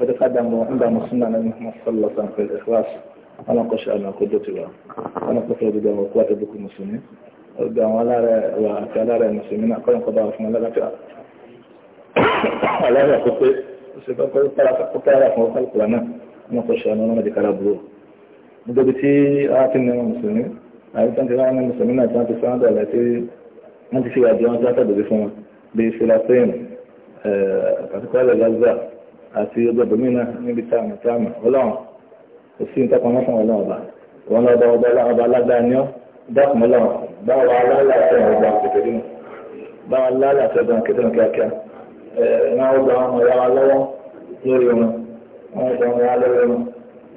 وتقدم عند مسلمنا أنه مصلصا في الإخلاص أنا قش أنا قدوتها أنا قفل بدا وقوات بك المسلمين بدا ولا وكلا المسلمين أقل قضاء فما لا لا ولا لا قفل سبب قل قل قل قل قل قل أنا أنا قش أنا أنا ذكر أبو بدبتي أعطينا المسلمين أعرف أنت أنا المسلمين أنت أنت سعد على أنت في أديان ذات بدي فما بفلسطين أتقال غزة àti ọjọ́ ìbòmínà níbi táàmù táàmù ọlọ́run kò sí ní tọ́kàn mọ́sán ọlọ́run ọba wọn lọ́dọ̀ ọba ọba alágbára ni ọ́ dákùn ọlọ́run báwa lálàáfẹ́ ọgbà kékeré nù báwa lálàáfẹ́ ọgbà kékeré nù kíákíá wọn ó gba ọmọ ìyá wa lọ́wọ́ lórí wọn wọn gba ọmọ ìyá lórí wọn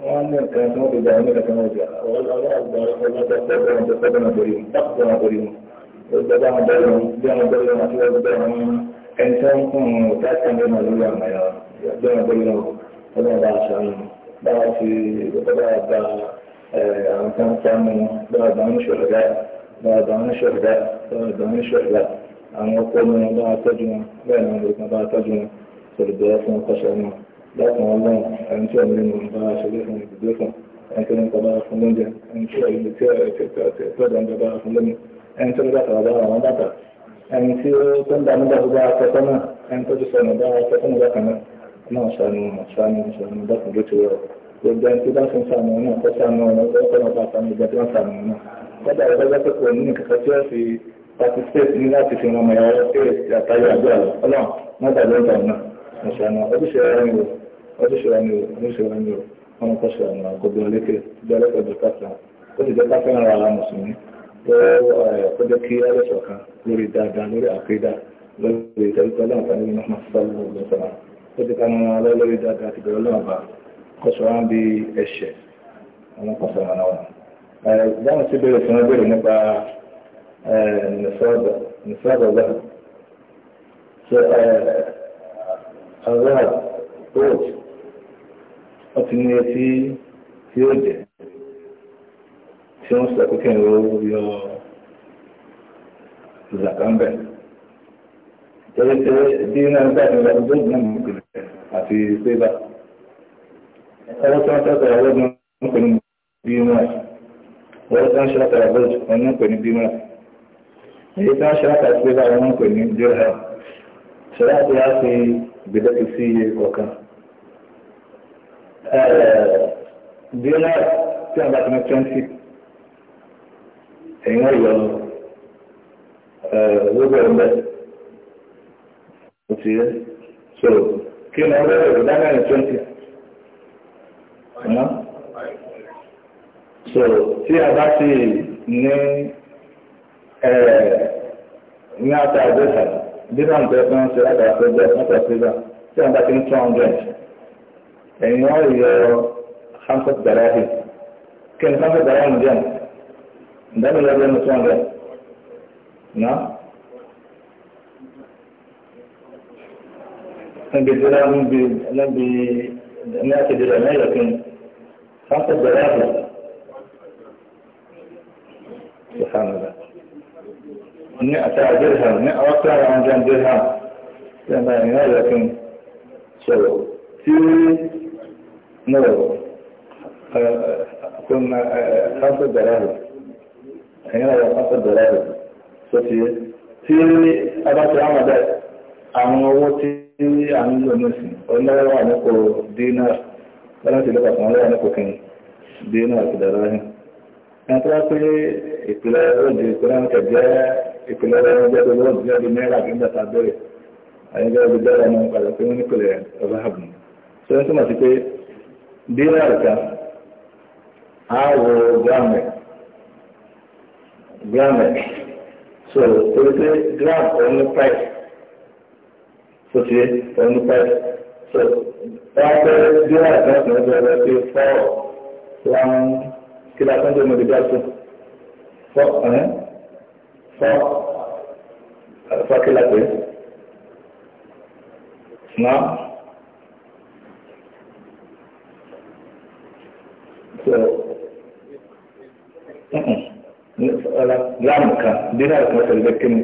wọn ní nǹkan tí wọn fi gbà wọn ní nǹkan tí wọn gbà ọlọ́run gba ọlọ́run tó fẹ́ bẹ̀rẹ̀ lọ́nà bóyá ọlọ́run bá aṣọ àwọn báwa ti báwa gba àwọn tó ń sá mọ́ báwa bá ń ṣọ̀rọ̀ dá báwa bá ń ṣọ̀rọ̀ dá báwa bá ń ṣọ̀rọ̀ dá àwọn ọkọ mi wọn báwa tọ́jú wọn bẹ́ẹ̀ ni àwọn báwa tọ́jú wọn sọ̀rọ̀ bẹ́ẹ̀ fún ọkọ̀ṣọ́ wọn lọ́kàn ọlọ́run ẹni tí ọ̀nà ìmọ̀ báwa ṣe lé fún ibùdó fún ẹni tí ọ̀nà báwa fún lóúnjẹ ẹni tí náà sànù sànù sànù dákùn ló ti rọ gbogbo ẹni tó bá fún sànù náà kọ́ sànù ọ̀nà ọ̀pọ̀ náà bá sànù ìgbà tí wọ́n sànù náà kọ́dà ìgbàgbọ́ pé kò ní kankan tí wọ́n fi participate ní láti fi wọn mọ̀yàwó péré àtàyè àgbà ọlọ́run wọ́n dàgbà ń tàn náà sànù ojúṣe ara ni o ojúṣe ara ni o ojúṣe ara ni o wọn kọ́ sànù àgọ́bí olékè jẹ́rẹ́pẹ̀ dọ́kà sàn ó sì dọ́kà fẹ́ràn ara mùsùlùmí tó kọjọ́ kí alẹ́sọ̀ kan lórí dáadáa lórí àkídà kọ́dé ká máa lọ lórí dáadáa àti bẹ̀rẹ̀ lọ́wọ́ bá kọ́sọ̀ wọn bí ẹ̀ṣẹ̀ àwọn kọ́sọ̀ wọn náà. dáhùn sí bẹ̀rẹ̀ fún ẹgbẹ̀rẹ̀ nípa nìfọ́dọ̀ gbà. ṣe ọ̀rọ̀ old wọ́n ti ní etí tí ó jẹ́ tí wọ́n sọ pé kí n ro yọ zàkàmbẹ̀. دينا بعد الأبدون من ممكن في بيبا أول سنة تلقى الأبدون ممكن بيومات ولا سنة شرط الأبدون ممكن بيومات èyí tí wọ́n ṣe láti àti bíbá wọn pè ní dirham ṣe láti wá fi gbèdéke sí iye kọ̀ọ̀kan. dirham tí kò sí yẹ so kí ni ọ̀rẹ́ rẹ̀ dáná ní twenty so tí a bá ti ní ní ata àdéhà dídá ń bẹ́ẹ̀ fún ṣe láti àpò bẹ́ẹ̀ fún ṣàkóso ìgbà tí a bá ti ní two hundred ẹ̀yin wọ́n yọ hamsat garahi kí ni hamsat garahi ń jẹun ìdánilẹ́gbẹ̀ẹ́ ní two hundred náà. كان بيقول لهم بي لهم بي نأتي بالعناية لكن خاصة دراهم سبحان الله مئة درهم مئة وقع عن جنب لما يعني هذا لكن سووا في نور كنا خمسة دراهم عناية خمسة دراهم سوتي في أبا تعمل àwọn owó tí tí à ń lò lọ́sì ọlọ́wà nípò dínà láti lọ́pàá kan ọlọ́wà nípò kìnnì dínà àti dàrá ní ẹni tó wá pé ìpìlẹ̀ oúnjẹ ìpìlẹ̀ oúnjẹ jẹ́ ìpìlẹ̀ oúnjẹ tó lọ́wọ́ jẹ́ bí náírà kí n bá ta bẹ̀rẹ̀ ayẹyẹ bí dára ní padà pé wọ́n nípìlẹ̀ ọba àbùn tó ń túmọ̀ so torí pé gram òun ní price so ti ẹnu pẹ so wọn fẹ bí wọn àti wọn fẹ bẹ̀rẹ̀ sí fọ wọn kí la fẹn tó mọ ìdíjà tó fọ ẹn fọ fọ kí la pè nà so ọlá gíráàmù kan dínà kan pẹ̀lú kí ni.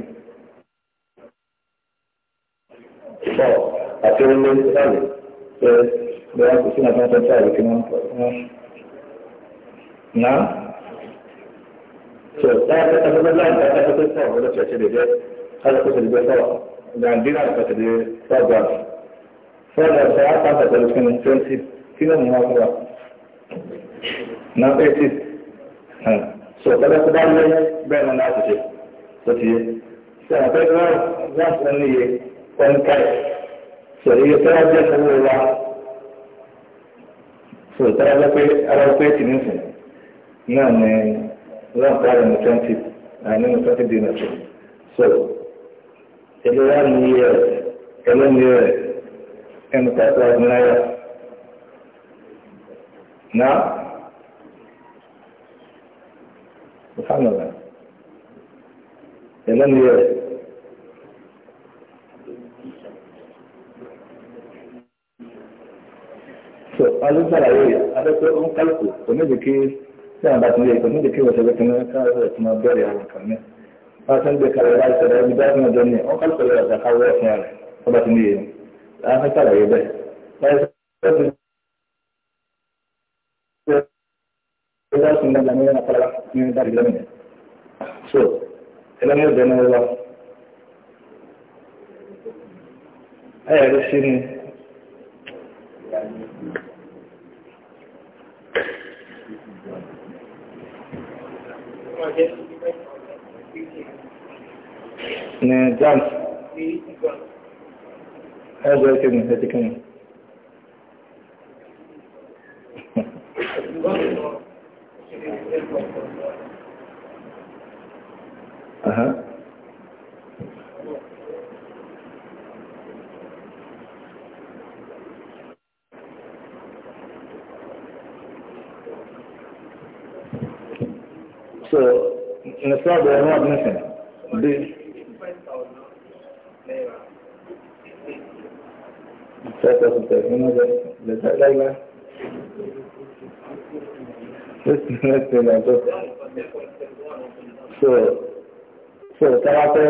ìfọ̀ àti orílẹ̀ ìsàlẹ̀ pé bóyá kò sí nàìjíríà tó ń sàlẹ̀ kí wọ́n ná. so láyé pé tàbí láyé pé tàbí pé sọ̀rọ̀ lọ́dọ̀ tí a ṣe lè jẹ́ kájọ kó ṣe lè jẹ́ sọ̀rọ̀ gàǹdínà lè pàṣẹ lè fọ́ọ̀gà fọ́ọ̀gà sọ àpàtà pẹ̀lú kí ni twenty kí ni mo máa fún wa na eighty so tọ́lá tó bá lé bẹ́ẹ̀ náà láti ṣe tó ti yé sọ̀rọ̀ pé wọ́n wọ́n fún pẹ́ńkẹ́ sọ̀rọ̀ iye tó wá jẹ́ owó wa sọ̀rọ̀ tó wá jẹ́ pé ara pé tìǹtì náà ní lọ́nkà rẹ̀ ní twenty nínú twenty dinar so ẹlẹ́wà ní iye rẹ̀ ẹlẹ́ ní iye rẹ̀ ẹnu five thousand naira náà ìfàmìlà ẹlẹ́ rẹ̀. so ọdún sàlàyé abẹ́pẹ́ ó ń kálùkù kò ní ìdíkí tí àwọn bá ti lè kò ní ìdíkí wọ́n ṣẹlẹ̀ kìnnìún káàrọ̀ ẹ̀ tí wọ́n bẹ̀rẹ̀ àwọn kan ní. wọ́n ti ń gbé kalẹ̀ láì sọ̀rọ̀ ẹni bẹ́ẹ̀ náà dọ́ni ó ń kálùkù lọ́wọ́ ìdàkáwọ́ ẹ̀sìn rẹ̀ ó bá so ẹlẹ́mì ọ̀dẹ́ náà wá. ẹ̀ẹ́dẹ́sí ni ní jams ẹgbẹ́ kí ni ẹ̀tí kí ni. ìpele ọjọ́. so so táwa fẹ́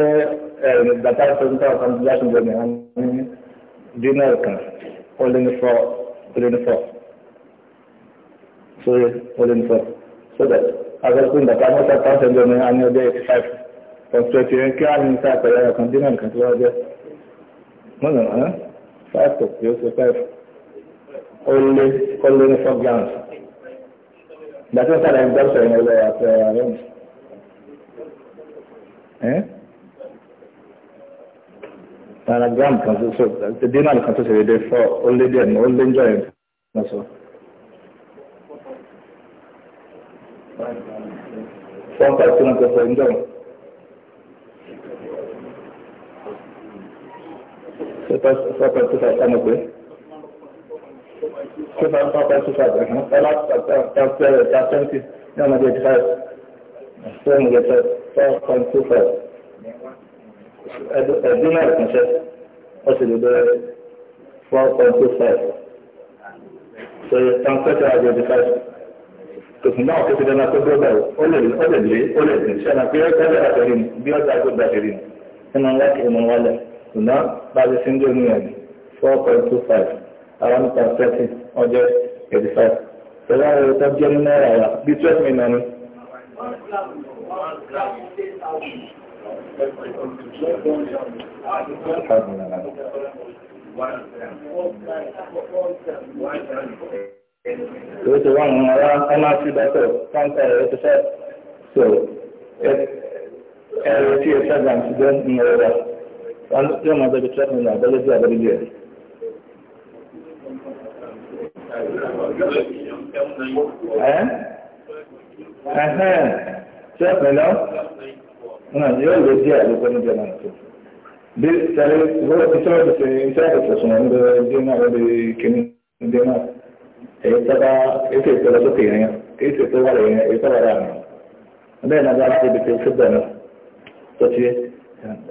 ẹ̀rìn bàtà tó ń tọ́ ọ̀kan bíyà ṣùgbọ́n ní wọn ní dínà kan ó lé so ó so that akẹ́kọ̀ọ́ bàtà mọ́tà táwọn ṣẹlẹ̀ ní wọn ní ọjọ́ eighty five ọ̀sẹ̀tì yẹn kí á ní sáà pẹ̀lú ọ̀kan dínà kan tó wá jẹ́ mọ́nà eh? five to zero to five ó lé ìgbà tí wọ́n sàlàyé ń gbọ́sọ̀ yẹn lọ àtẹ ààrẹ mi. Anagram kan tó so, dinar kan tó so dédé fọ́, ó lé díẹ̀ ní ó lé ń jọ yẹn lọ sọ. Fọ́n pàṣẹ náà tó sọ ń jọ yẹn. Fọ́n two thousand four five two five ẹ̀hún ọlá tàbí ta twenty ní ọmọ gate five sí ọmọ gate five four point two five ẹ̀dín náà kànṣẹ́ ó sì lè bẹ̀rẹ̀ four point two five ṣe transfer to gate five tòkùn náà kó ti dáná tó gbọ́dọ̀ ó lè lé ó lè lé ṣẹ́nà pé ó tẹ́lẹ̀ àtẹ̀rí ni bí ọjà tó gbà ṣe rí ni nínú ńlá kìí mọ̀ wálẹ̀ ṣùgbọ́n bá a ti ṣe ń dé oníyànjú four point two five around thirty ọjọ́ eighty five pẹ̀lú àwọn owó tó jẹ́ ní náírà wa bí twelve million ni. Èyí ti wá àwọn ará NRC dọ́tọ̀ kọ́ńtà ẹ̀rọ ti fẹ́ so ẹ̀rọ tí ẹ fẹ́ gbà ń ṣiṣẹ́ ní ọ̀rọ̀ wa. Wọ́n yóò máa bẹ̀rẹ̀ twelve million àbẹ́lẹ́dẹ́ àbẹ́lẹ́dẹ́ ẹ̀hẹ́n ṣé pẹ̀lẹ́ náà yóò lè díẹ̀ ló pẹ́ níjẹ̀ náà tó bí tẹ̀lé wọ́n ti sọ́ọ́ ti ṣe iṣẹ́ àkọsọ̀ sùn wọn lọ dé náà lórí kíní dé náà èyí tọ́ba ètò ìtọ́lọ sókè yẹn ètò ìtọ́ wà lẹ́yìn èyí tọ́ba rà mí bẹ́ẹ̀ náà bá ti ibi tó ṣe bẹ̀rẹ̀ tó ti yẹ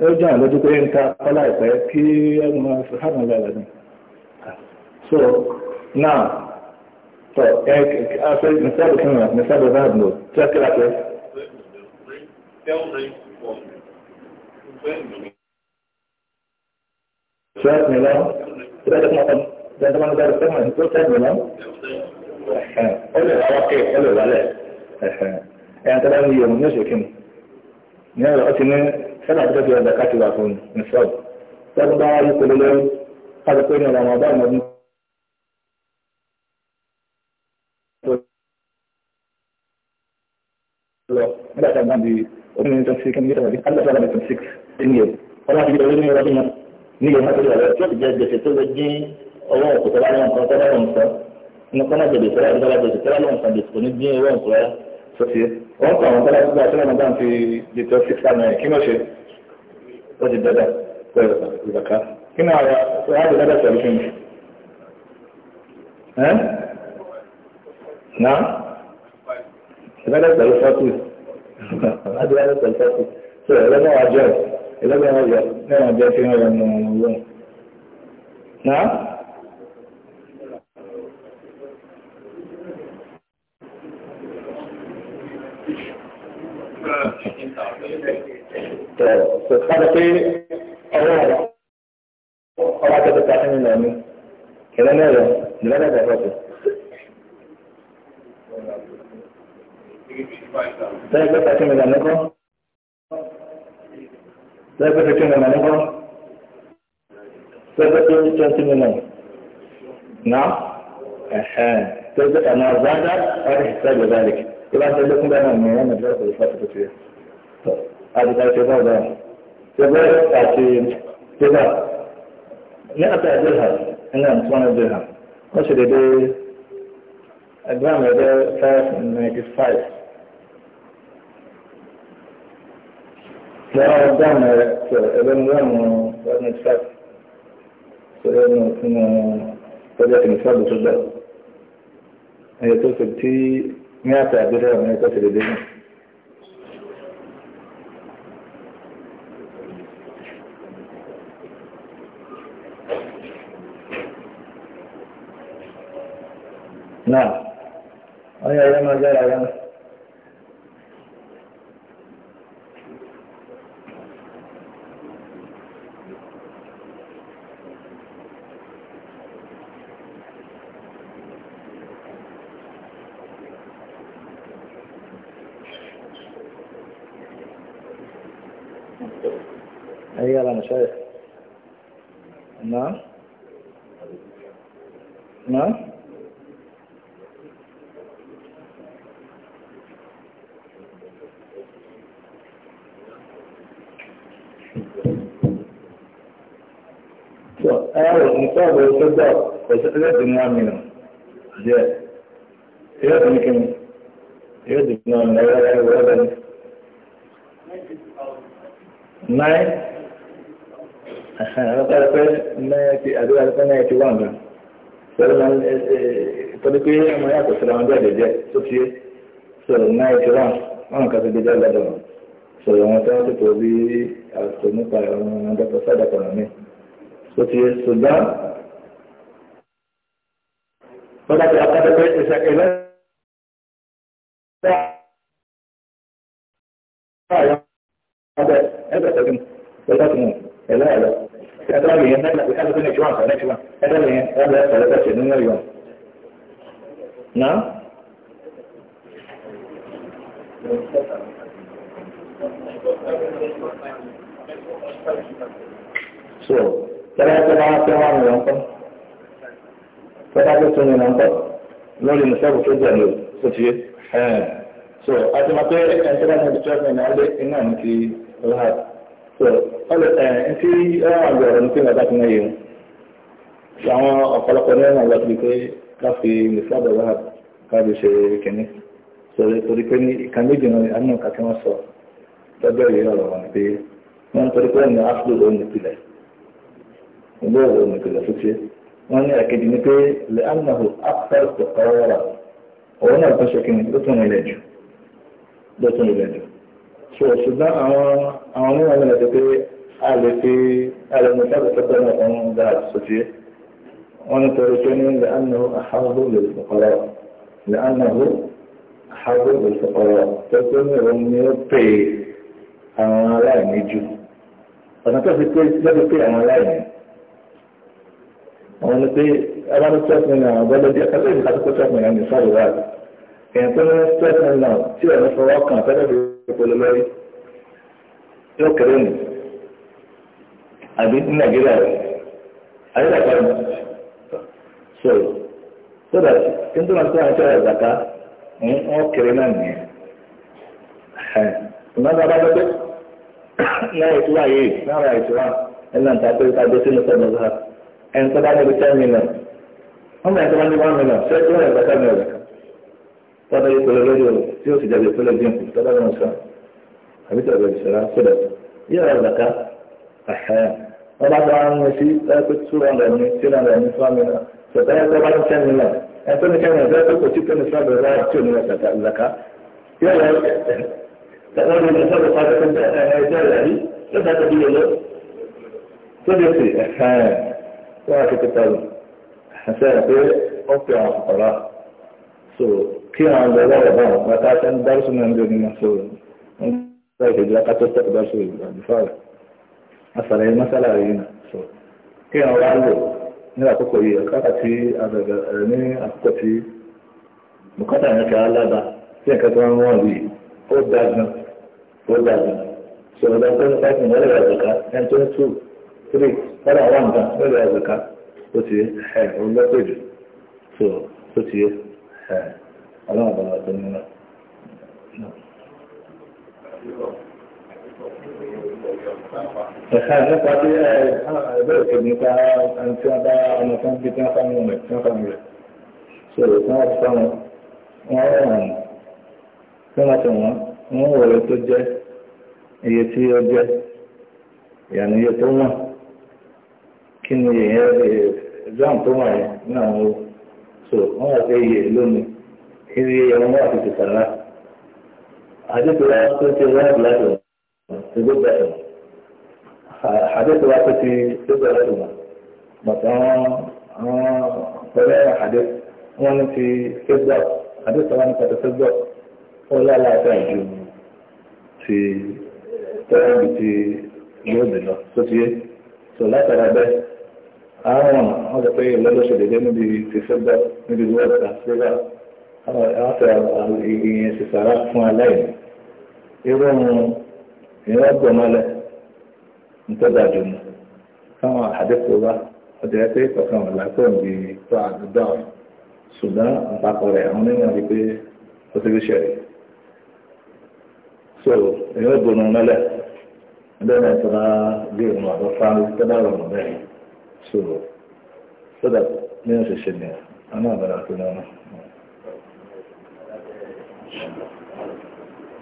ó jẹ́ àwọn lójú pé ń ta kọ́lá ìpẹ́ kí ẹnu máa fi hàn lọ́la ni so نعم طيب نسابة كمان نسابة ذهب نور تذكر على ثلاث مليون ثلاثة مطن ده انت ما نقدر تسمع كل ثلاث مليون قول لي اوكي قول لي لا يعني انت بقى اليوم مش كده يعني لو قلت ان سبع درجات دكاتره بقى فون نصاب طب ده يقول له هذا كله رمضان ní ọdún ní ìlú mọ́tò rẹ̀ tí ó ti jẹ gbèsè tó lè dín owó òkú tó bá lóun kan tó bá lóun kan ní kọ́nà gbèsè tó bá lóun kan gbèsè tó bá lóun kan gbèsè kò ní dín owó òkú rẹ̀ sọ́sì wọ́n kọ́ àwọn tọ́lá gbígbà tó lọ́nà bá ń fi dìtọ́ six hundred kí ló ṣe ó ti dọ́dọ̀ pẹ̀lú ìgbàká kí ni àwọn ọ̀hún ti dọ́dọ̀ pẹ̀lú fún mi. na ìdọ́dọ̀ pẹ̀lú fọ́tù ẹlẹ́gbẹ̀rún ọ̀yọ́ náà jẹ́ fi hàn ọ̀nà ọ̀lọ́run. Náà tọ̀ sọ́dọ̀ pé ọwọ́ ọba tẹ́tẹ́ ta sí nínú ọ̀nà ìrẹ́lẹ̀ ọ̀yọ́ ìrẹ́lẹ̀ ọ̀yọ́ sẹ́gbẹ́ fifteen million ní kọ́ sẹ́gbẹ́ twenty million na sẹ́gbẹ́ ọ̀nà ọ̀gbádá ọ̀rẹ́ sẹ́gbẹ́ báyìí kí bá ń tẹ́lẹ̀ fún bẹ́ẹ̀ náà ní ọ̀nà ìjọba ìfọ̀tò tó yẹ àdìgbà ìṣẹ́ bá ọ̀dọ́ sẹ́gbẹ́ àti sẹ́gbà ní àtà ìdíhà ẹ̀nà ìtumọ̀nà ìdíhà wọ́n ṣe dédé ẹgbẹ́ àmì ẹgbẹ́ five ninety five. Saya dan orang-orang orang Islam, saya punya kerja Islam betul dah. Itu seperti ni apa ada dalam ni apa sedih. Nah, ayah yang ajar ayah. تعالى مشايخ نعم نعم ayáwó nítọ́ọ̀bù ìṣẹ́gbà pẹ̀sẹ̀lẹ́dì ní àmìnà jẹ́ ìrẹ́dì ní kíni ìrẹ́dì ní àmìnà ẹ̀rọ ẹ̀rọ ẹ̀rọ dára pé ninety àbí dára pé ninety one gan pẹ̀lú náà tọ́lú pé ọmọ yàtọ̀ síra wọn jáde jẹ́ tó fi so ninety one wọn kà sí gbẹjọ́ lọ́dọ̀ wọn so àwọn tí wọ́n ti tó bí àtò nípa àwọn dọ́kọ̀ sádàkọ̀ náà mi tó fi ṣùgbọ́n wọ́n dàbí akadẹ́gbẹ́ ìṣàkẹ́lẹ́ ẹgbẹ́ ẹgbẹ́ tẹ̀gbìn pẹ̀lú àtìmọ̀ ẹ̀lá ẹ̀lá ẹ̀dá lè yẹn ẹ̀dá tó ní ìtura nǹkan ẹ̀dá ẹ̀dá lè yẹn ẹ̀dá ẹ̀fọ̀ lẹ́tọ̀ ṣe nínú ẹ̀yọ̀ nà. so tẹ́lá tó bá fẹ́ wà ní ọ̀nkọ́ tẹ́lá tó tún ní ọ̀nkọ́ lórí nìṣẹ́gun tó jẹ̀ lò tó ti yé so àti mọ̀ pé ẹ̀ńtẹ́lá ní ìtura ní ọ̀lẹ́ iná ní ti ọ̀hà ọlọ ẹ ti ẹwọn àgbẹ ọ̀rọ̀ ní pé bàbá ti náà yẹun ṣe àwọn ọ̀pọ̀lọpọ̀ ní ẹwọn àgbà ti pé ká fi mùsùlùmí wà káàdì ṣe kìnní sọ̀rọ̀ torí pé ní ìka méjì náà àmì ọ̀ka tí wọ́n sọ lọ́jọ́ yìí ọ̀rọ̀ wọn pé wọ́n ń torí pé ọ̀nà áfúlò ló ń ìpìlẹ̀ ìlú ọ̀rọ̀ ń ìpìlẹ̀ tó ṣe wọ́n ọ̀rọ̀ ṣùgbọ́n àwọn àwọn ní wọn lè pé a lè fi àlẹ́mú sábà tó pẹ́ náà ń da àṣojú wọn ni torí pé ní ilẹ̀ àná àhábò lè fọkọrọ ilẹ̀ ní òun ni ó pè àwọn aláìní jù ọ̀nà tó fi pé lọ́dún pé àwọn aláìní àwọn ni pé abáni twelve million àwọn gbọ́dọ̀ bí ẹ̀ka lóyún ká tó kó twelve million ní sọ́ọ̀rọ̀ wáyé èèyàn tó ní twelve million tí ẹ̀rọ fọwọ́ kàn fẹ́ẹ́ ọpọlọmọ rí yóò kéré nù àbí ní nàìjíríà rẹ àyẹ̀dàkà rẹ so so that kí n tó máa tó àwọn ìṣẹ̀lẹ̀ ìzàká wọ́n kéré náà nìyẹn ìmọ̀ta bá dọ́ pé náà ìtura yìí náà ra ìtura ẹ̀nà ìta pé ká dé sínú sẹ́nu sáà ẹ̀ńtọ́ bá níbi ten wọ́n mọ̀ ẹ̀ńtọ́ bá níbi one million ṣé kí wọ́n tábà yẹ pẹ̀lú lórí ọ̀rọ̀ tí ó sì dàbí pẹ̀lú ẹgbẹ́ nǹkan tábà náà sàn àbí tàbí ìṣẹ̀lá sọ̀dọ̀ yíyá ọ̀dàká àhẹ́yà wọ́n bá dáa ń sí ẹgbẹ́ two hundred ní three hundred ní four million sọ̀tà yẹ pé bá ń ten million ẹgbẹ́ ní kẹ́rin ẹgbẹ́ kò tí kẹ́rin sábà rẹ̀ láì tí ò ní ọ̀dàká ọ̀dàká yíyá ọ̀dàká tẹ̀lé ní sábà kí àwọn ọ̀dọ́ ọlọ́rọ̀ bá wọn bàtà ṣe ń dárúsọ náà ń bí onímọ̀ so ń sọ ìṣèjú akátó tẹ̀kọ̀ dárúsọ ìgbà bífọ̀ rẹ̀ àṣàlẹ̀ mọ́sálà rẹ̀ yìí so kí àwọn wá lò ní àkókò yìí àkókò tí àbẹ̀bẹ̀ rẹ̀ ní àkókò tí bùkátà yẹn kẹ́ alába tí ẹ̀ka tó ń wọ̀n lù yìí ó dá gan ó dá gan so ọ̀dọ́ tó ń fẹ́ẹ́ fún ọlọ́rẹ̀ àzùká ẹn tó ń tù tírì ọ̀dọ̀ àwọn nǹkan so ó ti ẹ̀ ọlọ́run bá wà tó ní náà. Ẹ̀ka nípa bí ẹgbẹ́ òkè nípa ẹni tí wọ́n bá ọmọ tó ń gbé tí wọ́n fá wọn rẹ̀ tí wọ́n fá wọn rẹ̀. Ṣé o tí wọ́n fá wọn? Wọ́n rẹ̀ ni eh, ibi ẹ̀wọ̀n náà ti tètè náà àdètò wa tó ti wá ìlànà tó gbé bẹ̀rẹ̀ àdètò wa tó ti tó bẹ̀rẹ̀ tó wà bàtà àwọn pẹ̀lẹ́ àdè wọn ní ti facebook àdètò wa ní pàtó facebook ó lálẹ́ àti àjò ti tẹ́lẹ̀ bí ti lóde lọ tó ti yé tó látara bẹ́ẹ̀ àwọn ọ̀dọ́ pé ìlọ́lọ́sọ̀dẹ̀dẹ̀ níbi ti facebook níbi wọ́ọ̀dà facebook. ìyẹn ṣe sàrà fún aláìní irú ìyẹn ọgbọ̀nmọ́lẹ̀ nítọ́jáde mu káwọn àdékòó bá ọjà ẹ pé kọ̀ọ̀kan wà lápẹ̀ níbi tó àdúgbò àwọn ṣùgbọ́n àpapọ̀ rẹ̀ àwọn onímọ̀ rí pé ó ti rí ṣẹ̀rí so ìyẹn ọgbọ̀nmọ́lẹ̀ ndẹ́nà ìtura bí ìrìn àbọ̀ fáwọn tẹ́lá rọ̀ mọ́ bẹ́ẹ̀ so so that ní oṣù ṣe ni àwọn àbẹ̀rẹ̀ àti náà.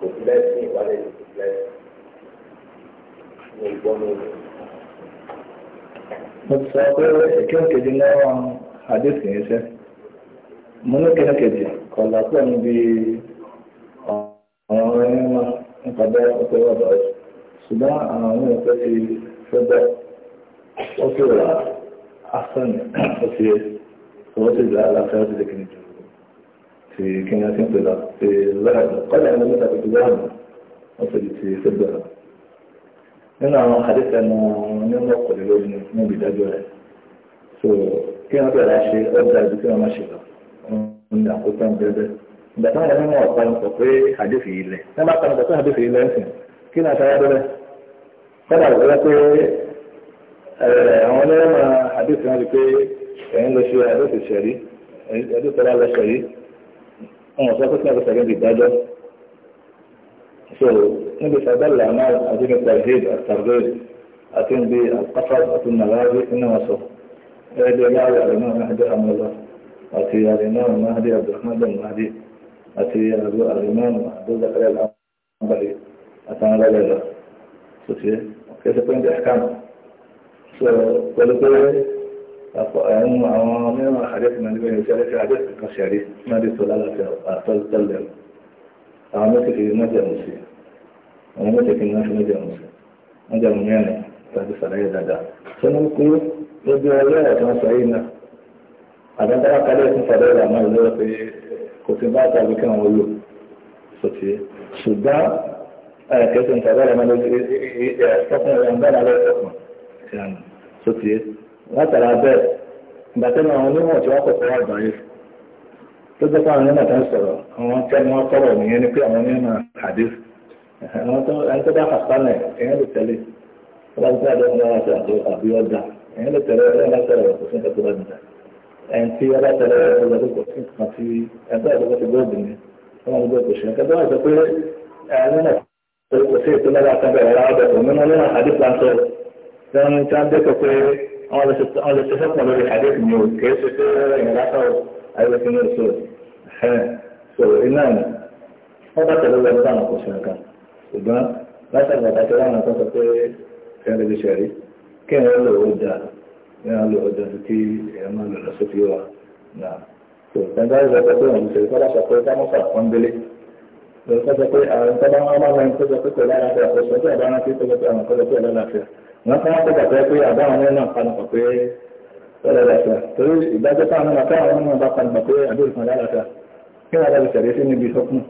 kò sí lẹ́sìn ìwádìí kò sí lẹ́sìn ní ìgbọ́nú rẹ̀. mo sọ pé ẹ̀kẹ́ òkèjì náà àdéhùn yẹn sẹ́ mo ní kẹ́kẹ́ kejì kọ̀ọ̀lá pọ̀ níbi ọ̀rọ̀ ẹni náà nípa bẹ́ẹ̀ ó fẹ́ wọ́n bọ̀ ẹ̀ ṣùgbọ́n àwọn ọmọ ìfẹ́ ti fẹ́ bẹ́ẹ̀ ó fi rà á sọ̀nù ó fi owó ti في كنا تنقل في الذهب قال أنا مثلا في الذهب أصل في في الذهب هنا حديث أنا من نقل الوزن من بداية so كنا في العشاء أبدأ بكنا ماشي من أقول كم بدأ ìgbà táwọn ẹni wọn ọ̀pá nǹkan pé àdéfì ilẹ̀ ẹ má kàn gbàtọ́ àdéfì ilẹ̀ ń sìn kí ni àṣàyà bẹ́rẹ̀ kọ́dà wọ́n pé àwọn ẹlẹ́wọ̀n pé ẹ̀yin lọ ṣe àdéfì ṣẹ̀rí àdéfì ọlá wọn sọ pé kí wọn sọ̀rọ̀ so níbi sàbẹ̀lẹ̀ amal àti ní tajid àtàgbẹ̀d àti níbi àkọ́fàd àti nàlárí iná wọn sọ ẹ̀ẹ́dẹ́ láàrin àrùnà mahadi amọ̀lá àti àrùnà mahadi abdulhamid mahadi àti àrùnà mahadi zakaria alhambali àtàwọn ọlọ́lẹ̀ lọ sọ sí ẹ kẹsẹ̀ pé ń dẹ̀ kàn so pẹ̀lú pé أعلم عن من حديث من بين ثلاثة حديث كشريف ما دي سلالة أطل تلم عملت في نجا مسي عملت في نجا مسي نجا ميانا تادي سلاية دادا سنقول ربي الله كان سعينا àdáńtá wá kálẹ̀ fún fàdọ́rà máa ń lọ́wọ́ pé kò sí bá tàbí kí àwọn olú sọ̀tì ṣùgbọ́n ẹ̀kẹ́sìn fàdọ́rà máa ń lọ́wọ́ pé ẹ̀ẹ́dẹ́gbẹ̀rún ọ̀gbọ́n alẹ́ ọ̀gbọ̀n sọ̀tì látara bẹ́ẹ̀ ìgbàtẹ́nu àwọn onímọ̀ tí wọ́n kọ̀kọ́ wà gbọ́n yìí tó jẹ́ pé àwọn onímọ̀ tó ń sọ̀rọ̀ àwọn tẹ́nu wọn sọ̀rọ̀ nìyẹn ni pé àwọn onímọ̀ àdé àwọn tó bá kàtánà ẹ̀yẹn lè tẹ̀lé tó bá tẹ̀lé àwọn ọmọ àti àjọ àbí ọ̀dà ẹ̀yẹn lè tẹ̀lé ẹ̀yẹn lè tẹ̀lé ọ̀kọ̀ fún ìtẹ̀tẹ̀ lọ́dún ẹ̀yìn tí ọba tẹ̀lé ọ̀dọ̀ kò sí nǹkan tí ẹgbẹ́ ìdọ́gbọ́ ti gbóògùn ni wọ́n gbọ́ kò ṣe ẹgbẹ́ wọn sọ pé ẹ̀yẹn náà kò sí ìtúnlẹ̀ àwọn lè ṣe fẹ́ pọ̀ lórí àdéhùn mi ò kìí ṣe pé ẹ̀yìn látọ̀ àìwẹ̀sìn ní ìṣòro ẹ̀hìn so iná ni wọ́n bá tẹ̀lé lọ sáwọn kò ṣe nǹkan ṣùgbọ́n látàrí àtàkì láwọn kan sọ pé kí wọ́n lè ṣe rí kí wọ́n lò ó dà kí wọ́n lò ó dà sí kí èèyàn máa lò lọ sókè wa náà so ìgbàgbọ́ ìgbà sọ pé òun ṣe kọ́ láṣọ pé ká mọ́sà kan délé lọ́sọ̀ pé àwọn ìtọ́jú àwọn ọmọ wọ́n fún wọn kó bàtà pé àbá àwọn náà panu pọ̀ pé lọ́dọ̀ lọ́sà torí ìdájọ́ táwọn náà táwọn náà bá panu pọ̀ pé àdúrà kan lálàsà kí wọ́n dábì sàrẹ́ sí níbi sọ́kùn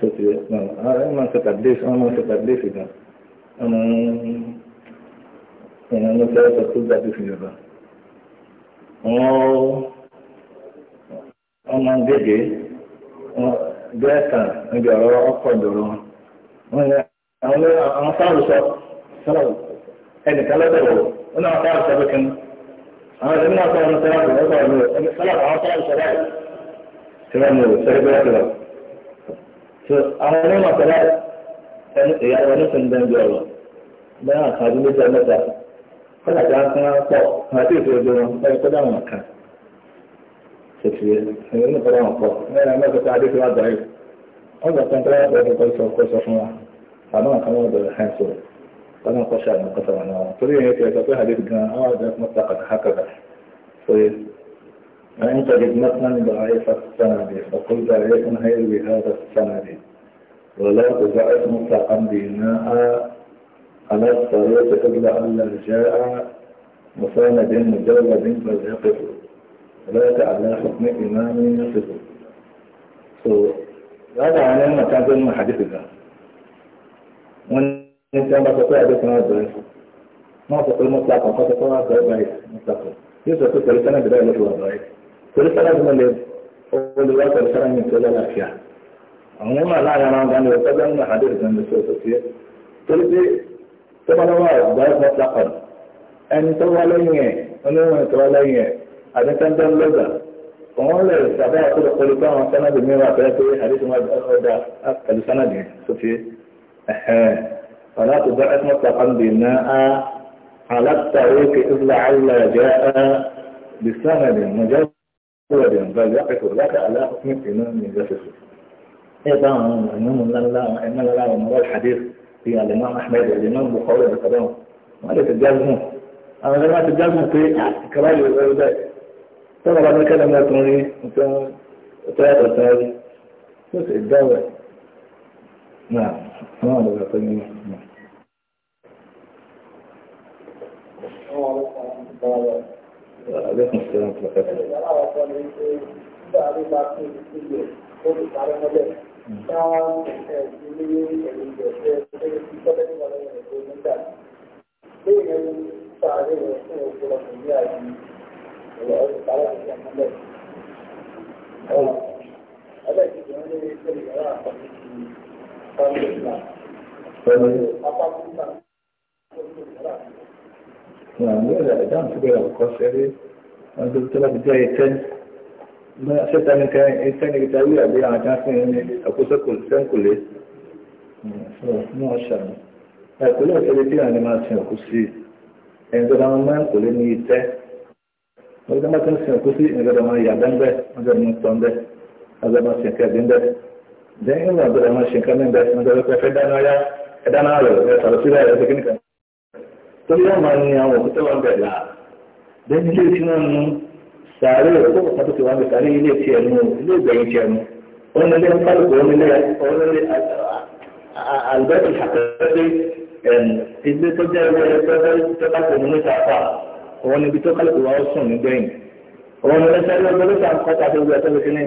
tó ti ẹ̀ wọ́n máa ń sọ̀tà déèsì wọ́n máa ń sọ̀tà déèsì gan wọ́n máa ń fẹ́ sọ tó dàbí fi yorùbá wọ́n gègé gẹ́ẹ̀kan níbi ọ̀rọ̀ ọkọ̀ ìdòrò wọn àwọn sáàlù sọ ẹnìkan lọ́dọ̀ wò wọn náà sáà sọ bẹ́ẹ̀ kan àwọn ẹni náà sọ̀rọ̀ sọ̀rọ̀ àbò lọ́sọ̀ àbò ẹni sọ̀rọ̀ àwọn sọ̀rọ̀ sọ̀rọ̀ àbò sọ̀rọ̀ mi ò sọ̀rọ̀ bẹ́ẹ̀ kìlọ̀ tó àwọn ẹni náà sọ̀rọ̀ ẹni ìyá ẹni sọ̀rọ̀ bẹ́ẹ̀ bí ọ̀rọ̀ bẹ́ẹ̀ àkàn àdúgbò sọ̀rọ̀ mẹ́ta kọ́lá tí a kàn án pọ̀ àti ìfowópamọ́ ẹni kọ́ dáhùn àkàn ṣètìlẹ́ ẹni ní kọ́ dáhùn pọ̀ mẹ́rin mẹ́ta adé tó wà dọ̀ yìí wọ́n gbà pé ń tẹ́lẹ̀ bẹ́ẹ̀ kọ́ wọn bẹ̀rẹ̀ wannan ko sha nan kasa wannan to ne yake ka kai hadisi kan awa da kuma saka haka da so an ta jid matnan da ay fasana bi fa qul da ay kun hayr bi hada sanadi wala tuza'at mutaqam bina'a ala sariyati qabla an narja'a مساند مجرد فليقف لا تعالى حكم إمام يقف so هذا على ما كان من حديث ذا ní tí wọ́n bá sọ pé àgbẹ̀ kan àgbẹ̀ wọ́n sọ pé mọ́tò àkàn kọ́ sọ pé wọ́n àgbẹ̀ báyìí mọ́tò àkàn yóò sọ pé pẹ̀lú sánà ìdílé ló fi wà báyìí pẹ̀lú sánà ìdílé lè wọ́n wá pẹ̀lú sánà ìdílé lálàáfíà àwọn ọmọ aláàrin ara wọn ni wọ́n tọ́jú àwọn àdé ìdílé ló sọ sí ẹ́ torí pé tó bá wà àgbà mọ́tò àkàn ẹni lè sàbá àkójọ pẹ̀lú pé àwọn sánà ìdílé wà pé àdékẹ́ńtẹ́ ọ̀dà pẹ̀lú sánà ìdílé sọ sí فلا تبعث مطلقا بناء على الطريق إذ لعل جاء بسند مجرد بل يقف لك على حكم الإمام من أيضا أنهم لا لا الله لا الله ومرى الحديث في الإمام أحمد والإمام البخاري والكلام ما لي الجزم أنا لما تجزم في كلام الأولاد ترى بعد كده ما تقولي أنت تعرف تعرف بس الدواء نعم náà lọ́wọ́ tó ní ìsìnkú Alẹ́kùn sí ọmọ pẹ̀lú. Ọlọ́run. Ọlọ́run. Ìdáhùn sí pé ọ̀kọ́ ṣeré ọdún tó láti jẹ́ ẹ̀tẹ́ni. Ṣẹ́ta ní kẹ́ ẹ̀tẹ́ni ìtàrí àbí àwọn ajáfẹ́ ní àkóso kò sẹ́ǹkùlé. Ní ọ̀ṣà ni. Ẹ̀kùlé ìṣẹ́lẹ̀ tí àwọn ènìyàn sin òkú sí ẹ̀ńdọ́dọ̀ àwọn máa ń kò lé ní ìtẹ́. Ọjọ́ máa ti ń sin òkú sí ẹ̀ńdọ́dọ̀ máa yà bẹ́ńbẹ́, ọjọ́ máa jẹ́yìn náà gbọ́dọ̀ máa ṣe nǹkan ní ìgbà ìsinmi gbọ́dọ̀ pé fẹ́ dáná yá ẹ̀dáná rẹ̀ rẹ̀ sọ̀rọ̀ sílẹ̀ rẹ̀ ṣe nìkan torí wọn máa ní àwọn òkúta wọn bẹ̀ là bẹ́ẹ̀ni ilé tí wọ́n nu sàárè òkú kan tó ti wà bẹ̀ẹ̀ sàárè ilé tiẹ̀ nu ilé ìgbẹ̀yìn tiẹ̀ nu onílé pálùkù onílé onílé alberti àtẹ́sí ilé tó jẹ́ ẹgbẹ́ ẹgbẹ́ tó bá kò ní sàfà òun níbi tó kálùkù wa ó sùn nígbẹ̀yìn òun ní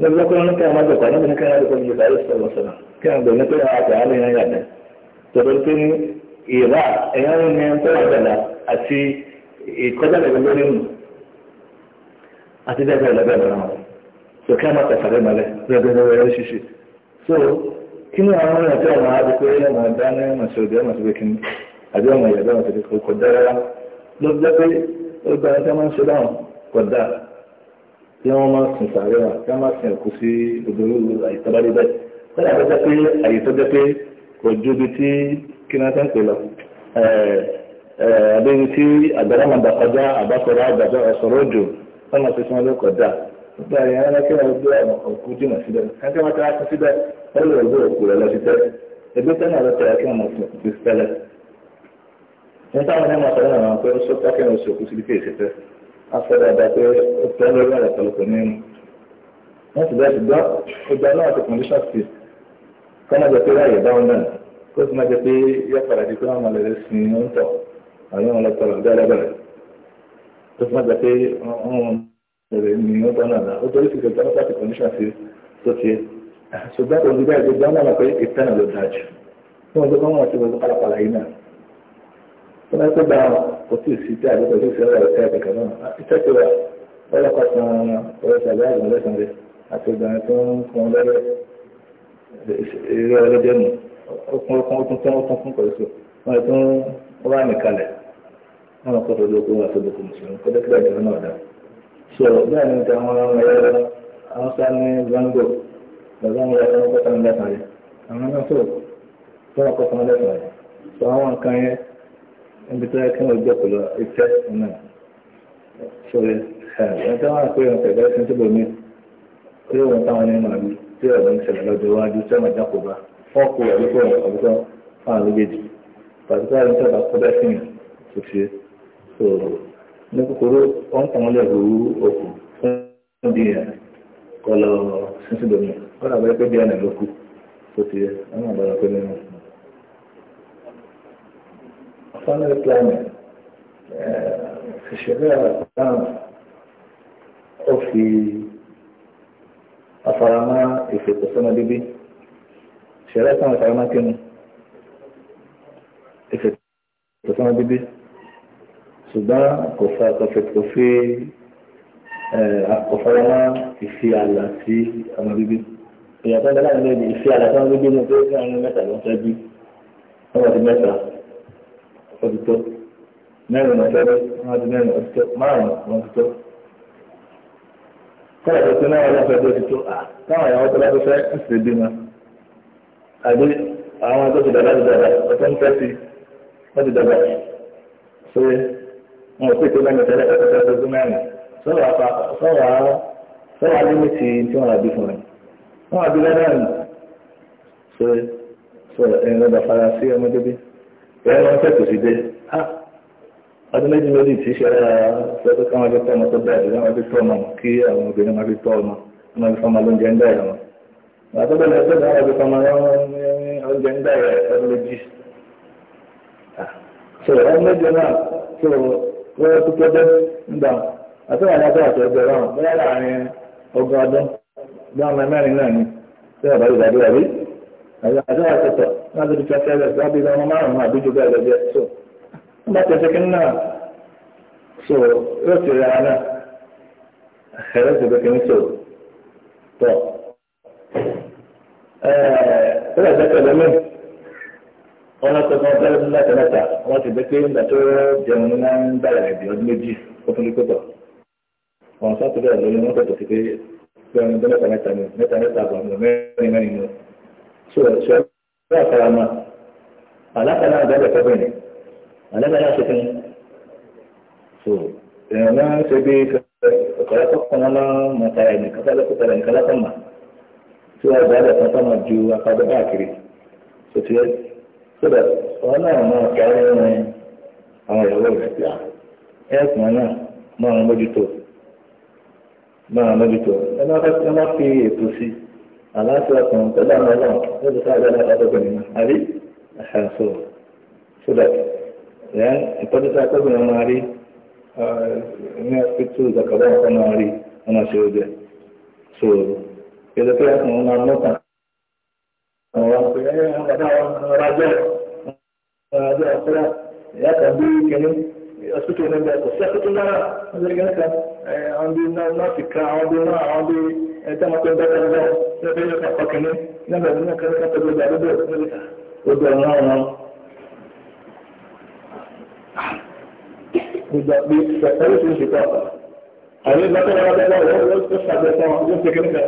lọ́gbọ́n kọ́ ní káyọ̀ máa dọ̀kọ̀ níbi ní káyọ̀ dọ̀kọ̀ níbi báyìí sọ̀rọ̀ sọ̀rọ̀ káyọ̀ gbọ̀ ní káyọ̀ àtọ̀ àmì yẹn yàtọ̀ tọ̀dọ̀ pé ní ìwà ẹ̀yàn ń ní tó wà dàda àti ìkọjá lẹ́gbẹ̀ lórí mu àti bẹ́ẹ̀ lọ́wọ́ so káyọ̀ máa tẹ̀sàrẹ́ mọ́lẹ̀ lọ́gbẹ̀rẹ̀ ṣíṣe so kí ni àwọn ọmọ ìyàtọ̀ àwọn adìpẹ́ ọmọ ìdáná màṣọ̀dẹ́ màṣọ̀dẹ́ kí ni àbí ọmọ ìyàtọ̀ màṣọ̀dẹ́ kò kọ̀dá kí wọ́n máa sùn sàárẹ̀ wọn kí wọ́n máa sìn kú sí òdòdó àyètọ́bádé bẹ́ẹ̀ kọ́lá àgbẹ̀jẹ́ pé àyè tó jẹ́ pé kò ju ibi tí kí wọ́n ti ń pè lọ àbẹ́yìn tí àgbàrá màdà kọjá àbákọ̀rọ̀ àgbàjọ ọ̀sọ̀rọ̀ òjò wọ́n máa fi sún ọlọ́kọ̀ dáa nígbà yẹn wọ́n kí wọ́n gbé òkú jìnnà síbẹ̀ ẹgbẹ́ wọn ti rákun síbẹ̀ wọ́n lè gbé òkú rẹ̀ lọ sí tẹ́lẹ̀ ẹgbẹ́ tẹ́lẹ̀ lọ tẹ̀lé kí wọ́n mọ̀ fún òkú tẹ́lẹ̀ nígbà wọn ní wọn sọ̀rọ̀ náà wọn pé ó sọ́kà kí síbi kí tẹ́lẹ̀ afẹ́rẹ́ ẹ̀dá pé ó fẹ́ lórí ọ̀rẹ́ pẹ̀lú kò ní mu wọ́n sì bẹ́ẹ̀ ṣùgbọ́n ìgbà náà ti condition sí kọ́nà jẹ́ pé ráàyè dáhùn náà kó sì má jẹ́ pé yọ padà di pé wọ́n máa lè sin ń tọ̀ àwọn ọmọ ọlọ́pàá gbẹ́rẹ́gbẹ́rẹ́ kó sì má jẹ́ pé wọ́n lè ní ń tọ́ náà ó torí sísè ìjọba pàtì condition sí tó ti ṣùgbọ́n òun ti bẹ́ẹ̀ ṣe dáhùn náà pé ìtẹ́nà ló dájú tó máa ń pẹ́ bá kò tí ì sí bí àgbẹ̀kọ̀ yóò fi ọ̀rọ̀ ẹ̀ka ẹ̀kẹ́kẹ́ náà ìtọ́jú wa ọ̀rọ̀ pàṣán ọ̀rọ̀ ìṣàlẹ̀ àgbọ̀n lẹ́sàn rẹ̀ àti obìnrin tó ń kún lẹ́rẹ̀ eré ọlọ́jẹ́ nù ọkùn ọkùn ọkùn tó ń tún fún pẹ̀lú sọ wọn tó ń wá nìkalẹ̀ wọn kọ́ tó lóko wọn àtọ́jú kò mùsùlùmí kọ́ dẹ́kẹ́lá ìjọba náà dá so bẹ́ẹ̀ ni táwọn ẹ̀rọ haúsá ní zango bàbá wọn yàtọ̀ wọn kọ́ tó ń lẹ́sàn rẹ̀ àwọn náà tó wọn kọ́ tó ń lẹ́sàn rẹ̀ so àwọn nǹkan yẹn níbi tó yẹ kí wọ́n gbé pẹ̀lú iṣẹ́ náà sọ̀rọ̀ ẹ̀ tí wọ́n á pè wọn pẹ̀lú ẹ̀sìn tó bòmí ó yẹ wọn táwọn nínú àbí tí ọ̀rọ̀ ń ṣẹlẹ̀ lọ́jọ́ iwájú tí wọ́n jápò bá wọ́n kó àbíkọ́ àbíkọ́ fún àlógéjì pàtàkì àrùn tó bá kó bẹ́ẹ̀ sìn kò sí so ní kúkúrú wọ́n tàn lẹ̀ rú òkú fún dna kọlọ sínsìn bòmí wọ́n àbẹ̀rẹ̀ pé dna ló kù kò sí ẹ̀ wọ́n àbẹ̀rẹ̀ pé nínú. Sonra reklame. Ṣèṣẹ̀lẹ̀ àtàn ó fi afaramá ìfètò sọ́nà bíbí. Ṣẹ̀lẹ̀ àtàn afaramá kínú. Ìfètò sọ́nà bíbí. Ṣùgbọ́n kò fa kò fi àkọ́faramá ìfi àlà sí ọmọ bíbí. Ìyàtọ̀ ńlá ní ìfi àlà sí ọmọ bíbí ni pé kí àwọn mẹ́ta ló bí. Wọ́n wà mẹ́ta ọ̀dùtọ́ mẹ́rin ọ̀dùtọ́ mẹ́rin mẹ́rin ọ̀dùtọ́ márùn ọ̀dùtọ́ kọ́lá tó tó náà wọ́n fẹ́ tó ti tó táwọn ìyàwó tó láti fẹ́ ń sì bí ma àbí àwọn tó ti dàgbà ti dàgbà ọ̀tọ́ ń fẹ́ sí wọ́n ti dàgbà ṣe wọn ò pè tó lẹ́nu tẹ́lẹ̀ kẹ́kẹ́ tó tó mẹ́rin sọ̀rọ̀ àpá sọ̀rọ̀ àwọn sọ̀rọ̀ àdéhùn ti tí wọ́n àbí fún rẹ̀ wọ́n bẹ́ẹ̀ wọ́n tẹ̀sọ̀ sí dé ọdún méjì lórí ìtíṣẹ́ ṣẹ́tọ́ káwọn fi tọ́ ọmọ tó bẹ̀rẹ̀ láwọn fi tọ́ ọmọ kí àwọn obìnrin máa fi tọ́ ọmọ wọn fi fọmọ lóúnjẹ ń dẹ̀rẹ̀ wọn. wọn tó bẹ̀rẹ̀ tó bẹ̀rẹ̀ fi fọmọ lóúnjẹ ń dẹ̀rẹ̀ ọdún méjì. sọ ọdún méjì náà sọ wọ́n tó tó dé nígbà àtúwọ̀n aláta àti ọgbẹ́ wọn bẹ́ẹ̀ láàrin ọgbọ̀n ọdún ni tí wọn bá yóò àdúrà àtẹ̀tẹ̀ náà ti di twenty years lábẹ́ ìlú ọmọ márùn-ún àbí jù bẹ́ẹ̀ lọ́jọ́ so wọ́n bá náà so yóò ti ra náà ẹ̀rọ ti bẹ́ẹ̀ kínní so tọ̀ ẹ̀ẹ́dẹ́gbẹ̀rún lẹ́mẹ̀ẹ́ wọn lọ sọ fún ọtọ mẹ́ta mẹ́ta wọn ti gbé pé nígbà tó jẹun ní náà ń bẹ̀rẹ̀ rẹ bí ọdún méjì ó fún mi pé bọ wọn sọ pé bẹ́ẹ̀ lórí wọn tètè pé pé ọdún mẹ́ta mẹ́ta ni mẹ́ta mẹ́ta bọ ọdún mẹ́rin mẹ́rin ni so ẹ̀ṣọ́ bí àfara ma àlàkà náà dábẹ̀ fẹ́bẹ̀ ni àlàkà náà ṣe fún so èèyàn náà ṣe bí ọ̀kọ̀rọ̀ tó kàn án mọ̀ tara ẹ̀mí kátà lọ́kọ̀ tara ẹ̀mí kátà mà tí wọ́n bá dàtọ̀ tó mọ̀ ju apádọ́ bá kiri so ti yẹ so that wọn náà mọ̀ kárí wọn àwọn ìyàwó rẹ̀ bíà ẹ̀sùn náà mọ̀ àwọn mójútó mọ̀ àwọn àlàáfíà kan tó dáná ọlọ́run ló ti sáré aláta tó gbẹ̀mí àrí àṣàṣọ sódà yẹn ìtọ́jú sí akọ́gbìnrin máa rí ní ọ̀sítù ìgbàkọ̀dá ọ̀kan máa rí wọn máa ṣe oúnjẹ so ìjọba pé àwọn ọmọ mọ́ta àwọn ọmọ pé ẹ ẹ bàbá àwọn ọ̀rájọ́ ọ̀rájọ́ ọ̀kúrà ìyá kan bí kínní ọ̀sítù nígbà kò sí ọ̀sítù náà wọ́n náà ti ẹ̀ta máa pẹ́ bẹ́ẹ̀ lọ lọ́dún yóò kàpọ̀ kìíní nígbà tí wọ́n kẹ́kẹ́ pẹ̀lú ìgbà lóde òde ọ̀nà ọ̀nà. Ìgbà pé ìgbà tí wọ́n ṣe kọ́ ọ̀pọ̀. Àbí ìgbà tí wọ́n bá bẹ́ẹ̀ lọ́wọ́ ló tó ṣàgbẹ́ fún wọn ló ṣe kí nìkan.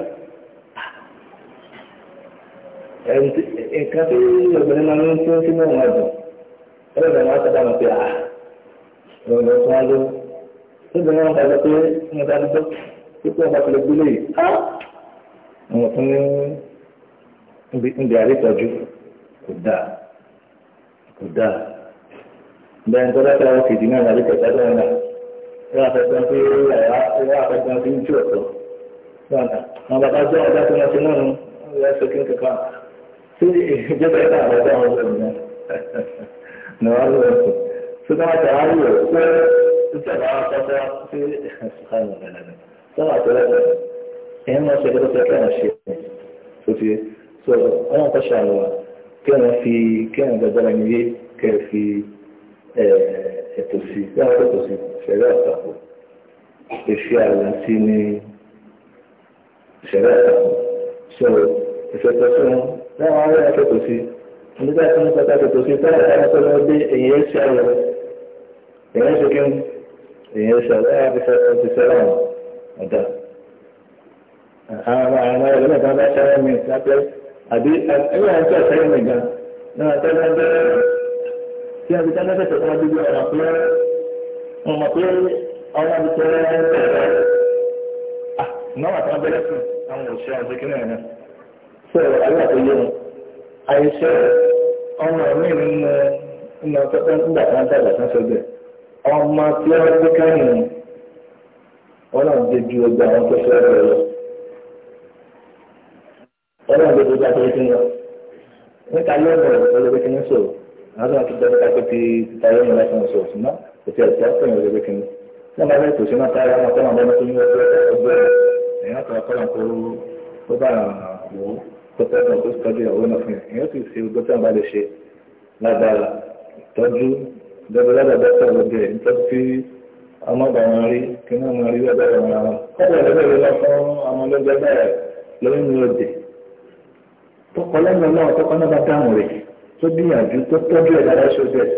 Nǹkan tí obìnrin máa ń tún pípẹ́ ọba tilẹ̀ gbélé yìí ká wọn tún ní ibi àríkọjú kò dáa kò dáa bẹ́ẹ̀ nítorí pé àwọn kejì náà àríkọjá náà náà wọ́n afẹ́gbọ́n pé wọ́n afẹ́gbọ́n pé ń tí ọ̀tọ̀ wọn bàbá jẹ́ ọ̀dá tó wọn ti náà ń lọ sọ kí n kankan sí ìjọba ẹ̀ka àbọ̀dá wọn lọ nìyẹn ní wọn lọ sọ sọ náà tẹ̀ wọ́n lọ sọ sí ìjọba wọn sábà tẹ́lẹ̀ ẹ̀yìn máa ṣe ẹgbẹ́ tó yẹ káyà ṣe tó ti sọ ọlọ́run kọ́ ṣe àlọ́ kẹ́hìn fi kẹ́hìn gbàgbára ní yé kẹ́hìn fi ẹ̀tọ́ sí yàrá ẹ̀tọ́ sí ṣẹ̀rẹ́ àtàkù èsì àlọ́ sí ní ṣẹ̀rẹ́ àtàkù sọ ìfẹ́tọ́ sí wọn láwọn ará ẹ̀tọ́ sí nígbà tí wọ́n kọ́ta ẹ̀tọ́ sí táyà táyà tó lọ dé èyí ẹ̀ṣẹ̀ àlọ́ èyí ẹ̀ṣẹ̀ kí èyí ẹ̀ṣẹ̀ àlọ́ ọ̀dà àwọn àwọn ẹgbẹ́ kan bá ṣẹ́yẹ́ mi lápẹ́ àbí ẹgbẹ́ àwọn tó ṣẹ́yẹ́ mi gan náà tẹ́lẹ̀ bẹ́ẹ̀ tí a fi tẹ́lẹ̀ bẹ́ẹ̀ tẹ́lẹ̀ bí wọ́n mọ̀ pé wọ́n pé ọwọ́ mi tẹ́lẹ̀ bẹ́ẹ̀ ah náà àtàwọn bẹ́ẹ̀ fún àwọn òṣìṣẹ́ àti kíní ẹ̀ náà sọ̀rọ̀ àwọn àtẹ̀yẹ wọn àìṣe ọmọ mi nínú ọmọ tó ń gbà kan tàbí àtúnṣe bẹ́ẹ̀ ọmọ tí wọ́n gbé káyìn ọlọ́run dé ju ọgbà àwọn tó fẹ́ rẹ̀ lọ ọlọ́run dé ju ọgbà tó fẹ́ lọ níta lọ́dọ̀ ọlọ́dẹ kí ní sọ̀rọ̀ àwọn tó wà tó dọ́kítà pé ti ta yọ̀ nígbà tó ń sọ̀rọ̀ sí náà kò tí ẹ̀ tí a pè ní ọlọ́dẹ kí ní. wọ́n bá bẹ́ẹ̀ tó ṣe máa ta ara wọn kọ́ àwọn ọmọ tó ń yọ ọgbẹ́ ẹ̀yìn àtàwọn kọ́ àwọn kó bá wò ó kó tẹ́lẹ̀ náà kó tọ́jú ìyàwó náà fún yẹn èyàn sì ṣe gbọ́ tí wọ́n bá lè ṣe lágbára ìtọ́jú lọ́dọ̀ lọ́dọ̀ dọ́kítà ọlọ́dẹ ìtọ́jú ọmọbìnrin rí kí wọ́n mọ rí lọ́bẹ̀rẹ̀ wọn àwọn kọ́bẹ̀ lọ́bẹ̀rẹ̀ lọ fún àwọn ọlọ́gbẹ̀bẹ̀rẹ̀ lóyún lóde tọkọ lẹ́nu náà tọkọ náà bá dáhùn rẹ̀ tó gbìyànjú tó tọ́jú ẹ̀ dáadáa ṣoṣo ẹ̀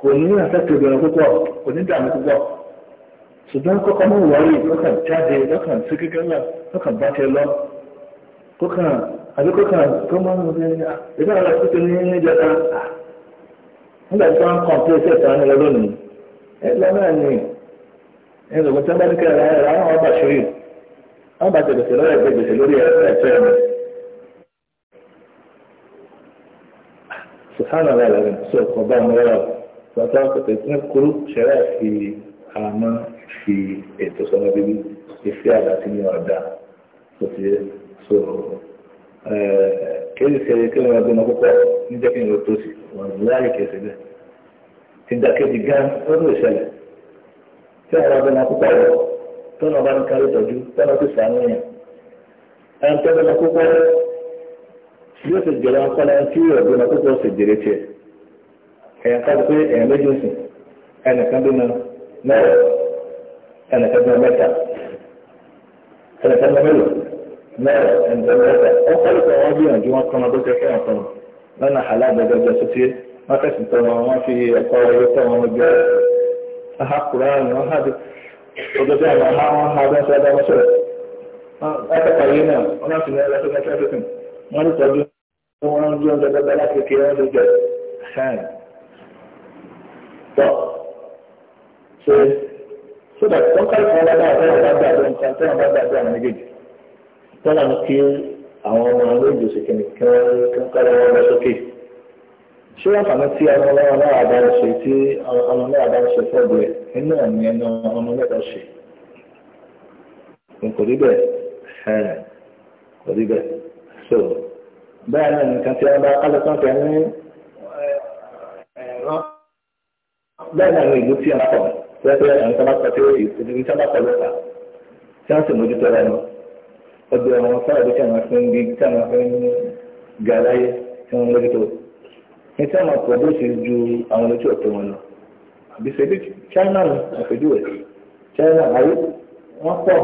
kò ní àfẹ́tò obìnrin púpọ̀ kò ní dààmú púpọ̀ ṣùgbọ́n kọ́kọ́ mọ̀ wọ́rí lọ́kàn jáde lọ́kàn sí kíkẹ́ náà lọ́kàn bá tẹ lọ kọ́kàn àbí kọ́kàn tó máa ń rẹ̀ ẹgbẹ́ àwọn ẹ̀sìn ní ìjọba nígbà ẹni lọ́gbọ́n tí wọ́n bá ní kẹ́rẹ́ rẹ̀ rẹ̀ àwọn ọba ṣòyìn àwọn bá jẹ̀gbẹ̀sẹ̀ lọ́rẹ̀ jẹ̀gbẹ̀sẹ̀ lórí ẹ̀fẹ́ mi. sùhánà rẹ̀ rẹ̀ sọ ọ̀kan bá mi rọ̀ bàtà ọ̀kọ̀tẹ̀ tí wọ́n kúrú ṣẹlẹ̀ fi àmọ́ fi ètò sọmọ bíbí ìfẹ́ àgbà sí ní ọ̀dà tó ti so kéde ṣe kéde wọn gbọmọ púpọ̀ níjẹ́ kí n lọ tó sí wọn láyé kẹsẹ̀ bẹ́ẹ̀ ti dàkejì gan ó lè fẹ́ràn abẹ́nà púpọ̀ rẹ̀ tọ́nà bá ń kárí tọ́jú tọ́nà tó sàánú yẹn. ẹn tó bẹ́nà púpọ̀ rẹ̀ yóò ṣe jẹ̀rọ akọ́lá ẹn tí yóò bẹ́nà púpọ̀ ṣe jẹ̀rẹ̀ tiẹ̀. ẹ̀yàn ká pé ẹ̀yàn méjì sìn ẹnìkan bínú mẹ́rẹ̀ ẹnìkan bínú mẹ́ta ẹnìkan bínú mẹ́lò, mẹ́rẹ̀ ẹnìkan bínú mẹ́ta ọ̀pọ̀lọpọ̀ wọn gbìyànjú wọn kan bó ṣe fẹ́ràn lọ́nà àlá àgbẹ̀dẹ̀ ọjọ́ sọ́tí wọn fẹ̀sìn tọ́ wọn wọn fi ẹ̀kọ́ ayé tọ́ wọn gbé ahakurani wọn hadi ọjọjọ àwọn ha wọn ha bẹ́ẹ̀ sọ ẹ̀dá wọn sọ̀rọ̀ ẹ̀kọ́kọ̀ yìí náà wọn náà sì ní ẹ̀rọ sọ́kẹ́ sẹ́fẹ̀sìn wọn lè tọ́jú wọn ń jẹun jẹ dáadáa láti kékeré wọn lè jẹ ṣáìn tọ́ ṣe sódà wọn kárí kan wọn náà tẹ́wọ̀n bá gbàgbé nǹkan tẹ́wọ̀n ṣé àǹfààní tí ọmọ náà bá ń ṣe tí ọmọ náà bá ń ṣe fọ́ọ̀bù ẹ̀ ẹnu ọ̀nà ẹnu ọmọ mẹ́ta ṣe kò rí bẹ́ẹ̀ ẹ̀ kò rí bẹ́ẹ̀ so bẹ́ẹ̀ náà nìkan tí wọ́n bá kálukú tẹ̀ ní bẹ́ẹ̀ náà ní ìlú tí wọ́n kọ̀ pẹ́ẹ́pẹ́ àwọn tó bá kọ̀ tí ìlú tí wọ́n bá kọ̀ lọ́ta tí wọ́n sì mójútó rẹ̀ nù ọdún àwọn fọ́ọ̀bù tí wọ́n fi ń gbé tí wọ́n fi ń gà láyé tí wọ́n mójútó ní tí àwọn ọ̀pọ̀ bó ṣe ju àwọn ojú ọ̀pẹ wọn lọ àbí ṣe bí China ní àpèjúwe China ayé wọn pọ̀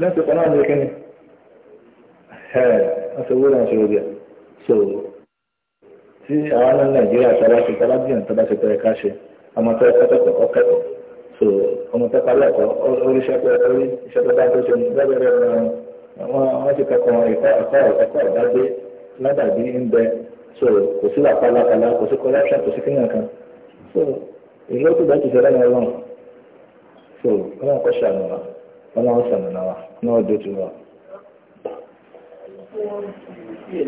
lẹ́sìn kan náà ní kíni wọ́n ṣe wúlò wọn ṣe wúlò so tí àwọn náà Nàìjíríà tí a bá ṣe tí a bá gbìyànjú tí a bá ṣe tẹ̀lé ká ọmọ tó ẹ̀kọ́ tẹ̀kọ́ so ọmọ tó parí ẹ̀kọ́ oríṣẹ́ pé orí iṣẹ́ tó bá tó ṣe lẹ́gbẹ̀rẹ̀ wọn wọ́n ti kẹ́kọ̀ọ́ ẹ̀kọ́ ẹ̀kọ́ ẹ̀kọ́ ìdágbé ládàbí ń bẹ so kò sí làpálàpàlà kò sí corruption kò sí kínyàn kan so ìlú tó dájú fẹ́rẹ́ yẹn lọ́n so wọ́n náà kọ́ ṣàánú wa wọ́n náà ṣàánú náà náà wa. Láti ẹni tó ń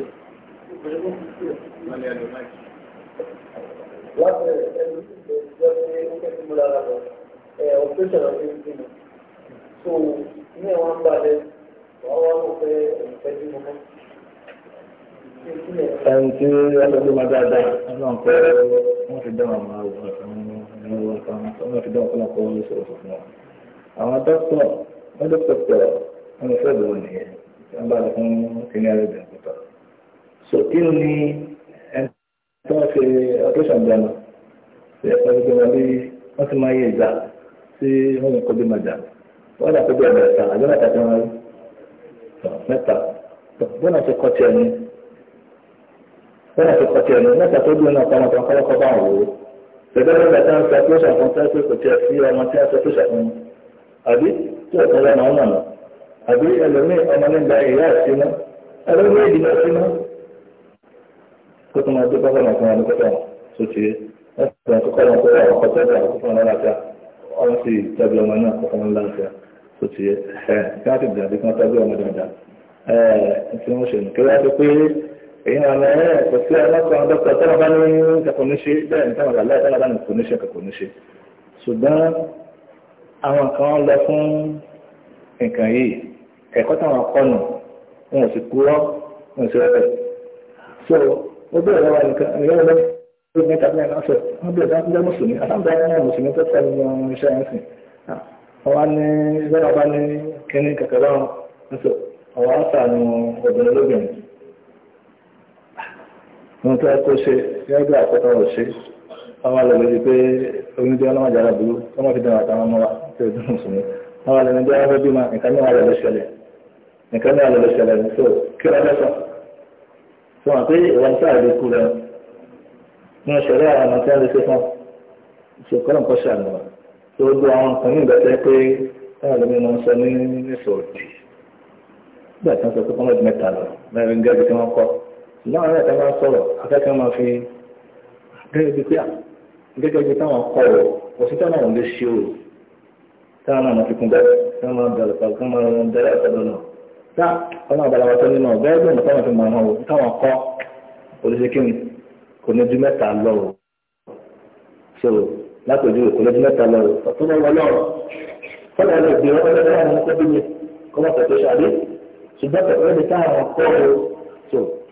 jẹ́ pé ó kẹ́kẹ́ mú lára lọ, ẹ̀ ọ̀pẹ́sẹ̀ lọ́wọ́ ń bínú. So, ní ẹ̀wọ̀n balẹ̀, wàá wá mọ̀ pé ẹ̀yìn fẹ́ ẹni tí ẹlẹ́gbẹ́ máa dáadáa ọlọ́run kọ́ wọ́n fi dáhùn àwọn àwọ̀ àtàwọn ẹ̀rọ àtàwọn wọ́n fi dáhùn ọlọ́run kọ́ wọ́n sọ̀rọ̀ fún wọn. àwọn dókítà wọ́n dókítà wọ́n fẹ́ bọ̀ nìyẹn wọ́n bá lọ fún kíní arẹ́bẹ̀ nípa. so kí ni ẹni tí wọ́n fi operation dáná ṣe ẹ̀fọ́ ìgbìmọ̀ bí wọ́n ti máa yẹ ìgbà tí wọ́n yẹ kó bí máa jà wọ́n dà kó bí mẹ́ta tí kọ́nà tó kọtí ẹnu mẹ́ta tó dún náà pamọ́ tán kọ́lọ́kọ́ bá wò ó bẹ̀rẹ̀ nígbà tí wọ́n sọ pé ṣàfún tó ṣe kò tí ẹ sí ọmọ tí wọ́n sọ pé ṣàfún àbí tí ọ̀kan lọ́mọ ọmọ nà àbí ẹlòmíì ọmọ nígbà ìyá ìsinú ẹlòmíì ìdìbò ìsinú kó tó máa dé bọ́kọ́ náà fún wọn ní kọ́tà tó ti wọ́n sì tẹ̀ kọ́kọ́ náà kọ́kọ́ kọ́tà tó àwọn náà láta èyí àwọn ẹ̀rẹ́ kò sí ọlọ́kùnrin dọ́kítà tọ́lá bá ní kàkó ní ṣe bẹ́ẹ̀ ní táwọn àlẹ́ tọ́lá bá ní kò ní ṣe kàkó ní ṣe ṣùgbọ́n àwọn kan lọ fún nǹkan yìí ẹ̀kọ́ táwọn akọ́nù wọn ò sì kúrọ́ wọn ò sì rẹ̀ so ó bẹ̀rẹ̀ lọ́wọ́ nìkan ẹ̀yọ́ lọ sí ní tàbí ẹ̀ka sọ wọ́n bẹ̀rẹ̀ láti jẹ́ mùsùlùmí àtàǹdà ẹ̀yọ́ mùsùlùmí tó tẹ̀lé wọn iṣẹ́ yẹn sìn àwọn ní bẹ́ẹ̀ bá ní kíní kẹ̀kẹ́ lọ́wọ́ ọ̀wọ́ àṣà ni obìnrin lóbìnrin mo tẹ́ kó ṣe gẹ́gẹ́ àkọ́kọ́ rẹ̀ ṣe wọ́n lọ lórí pé oníjẹ́ ọlọ́mọdé aláburú wọ́n mọ̀ fi dẹ̀rọ àtàwọn ọmọ wa tó o dùn sùn mí wọ́n lọ lórí ọjọ́ bímọ nǹkan náà lọ ṣẹlẹ̀ nǹkan náà lọ ṣẹlẹ̀ ní so kí wọ́n fẹ́ sọ. sọ wọn pé ìwà ń sáà lè kú rẹ ní ìṣẹ̀lẹ̀ àwọn ọmọ tí wọ́n lè ṣe fún ìṣòkòrò nǹkan ṣàlù wọn tó gbọ́ àwọn nǹkan ní ìgbẹ́sẹ̀ láwọn ẹ̀rọ ìtàbá sọ̀rọ̀ akẹ́kọ̀ọ́ máa fi gẹ́gẹ́ bí pé gẹ́gẹ́ bí táwọn kọ̀ ọ̀ òsì táwọn àwọn lè ṣe òòrùn táwọn náà fi kún bẹ́ẹ̀ táwọn máa bẹ̀rẹ̀ pàlú kí wọ́n máa bẹ̀rẹ̀ ọ̀dọ̀ náà tá ọlọ́run àbálàbà tó nínú ọ̀gá ẹgbẹ́ mi táwọn fi máa hàn wọ́n táwọn kọ́ olùsèkínì kò ní ju mẹ́ta lọ o so lápèjú kò ní ju mẹ́ta lọ o ọ̀tún náà wọlé ọ̀rọ̀ fọlá ẹ̀ lè gbé wọn lọ́wọ́ àwọn ọmọ tó bí mi kọ́ mọ́ tẹ̀tẹ̀ ṣàdé ṣùgbọ́n tẹ̀tẹ̀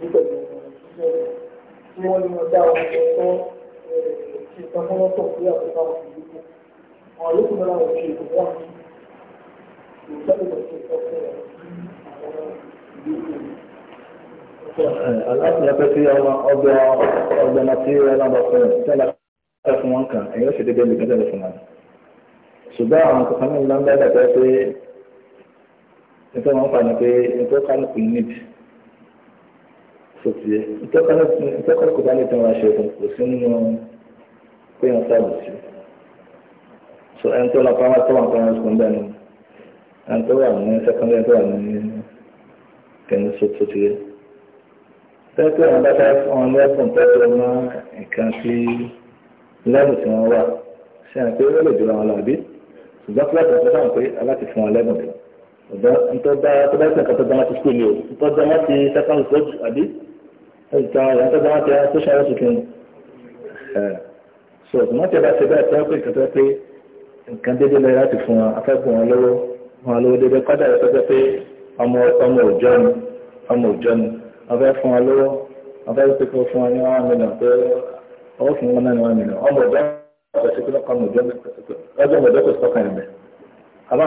nígbà tí wọ́n ní wọ́n dá wọn lọ fún ṣe tán fún wọn tó ń gbé àkókò àwọn ìlú kù àwọn yòókù náà wọ́n ṣe ìlú wọn kì í sọ́dọ̀ tó ṣe tán fún àwọn ìlú kù. Aláàtì ẹgbẹ́ tí ọgbẹ́ ọgbẹ́ náà tí ó lábọ̀ fún ẹ̀ tí ẹ̀ fún wọn kàn ẹ̀yọ́ sì dédé lùkẹ́ tẹ̀lé fún wọn. Ṣùgbọ́n àwọn kọ̀ọ̀kan ní ìlànà ẹ̀dá pé pé nítorí wọn fà ní pé nítorí kálukú níbi sọtì ẹ ìtọ́kọ̀ọ́ kò bá lè tán wọn aṣọ ìkùn kò sí nínú pé wọn sábà sí so ẹni tó lọ pa wọn tó wọn kọ́ wọn sùn bẹ́ẹ̀ ni ẹni tó wà ní sẹ́kọ́ndé tó wà ní kẹ́ni sọtì ẹ tẹ́tẹ́ wọn bá fẹ́ fún wọn lẹ́sùn tẹ́tẹ́ mọ́ nǹkan sí lẹ́bùn tí wọ́n wà ṣe àpé ó lè jọra wọn lọ àbí ṣùgbọ́n fúlọ́ọ̀tì ọ̀sẹ̀ sáà pé aláti fún wọn lẹ́bùn tó bá tó bá tó bá tó bá ti sùkúl o tó bá ti sẹ́kọ́ndé tó àbí ẹ̀ka ìyàtọ̀ bá tẹ tó ṣàrọ̀ so wọ́n tẹ bá ṣe bẹ́ẹ̀ tẹ́ pé nǹkan tó pé nǹkan déédéé lẹ́yìn láti fún wọn afẹ́gùn wọn lọ́wọ́ wọn lọ́wọ́ déédéé kọ́dà yẹn tó jẹ́ pé ọmọ ọmọ òjọ́ ni ọmọ òjọ́ ni wọ́n fẹ́ fún wọn lọ́wọ́ wọ́n fẹ́ pé kó fún wọn ní one million pé ọwọ́ fún wọn náà ní one million ọmọ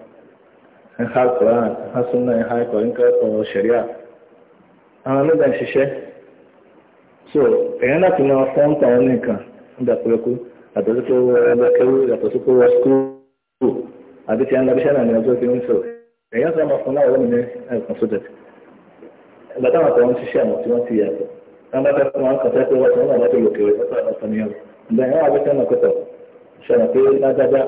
ń ha koran ń ha súnà ń ha ẹ̀kọ́ ń kẹ́kọ̀ọ́ ṣẹ̀ríà àwọn ọlọ́dà ń ṣiṣẹ́ so èèyàn láti máa fọ́n tàwọn nìkan ń dàpọ̀lẹ́kú yàtọ̀ sí pé wọ́n ẹgbẹ́ kẹ́rú yàtọ̀ sí pé wọ́n skúù àbí ti ẹnlá bíṣẹ́ náà ní ọjọ́ tí ń sọ èèyàn sọ máa fún láwọn ọmọ ní ẹ̀kan sódẹ̀tì ìgbà táwọn àtàwọn ṣiṣẹ́ àmọ́ tí wọ́n ti yàtọ̀ wọ́n bá fẹ́ fún wọn kàn fẹ́ pé wọ́n ti wọ́n àbájọ lòkèrè ọ̀tọ̀ àtàníyàn ìgbà yẹn wọ́n àbíṣẹ́ náà kọ̀tọ̀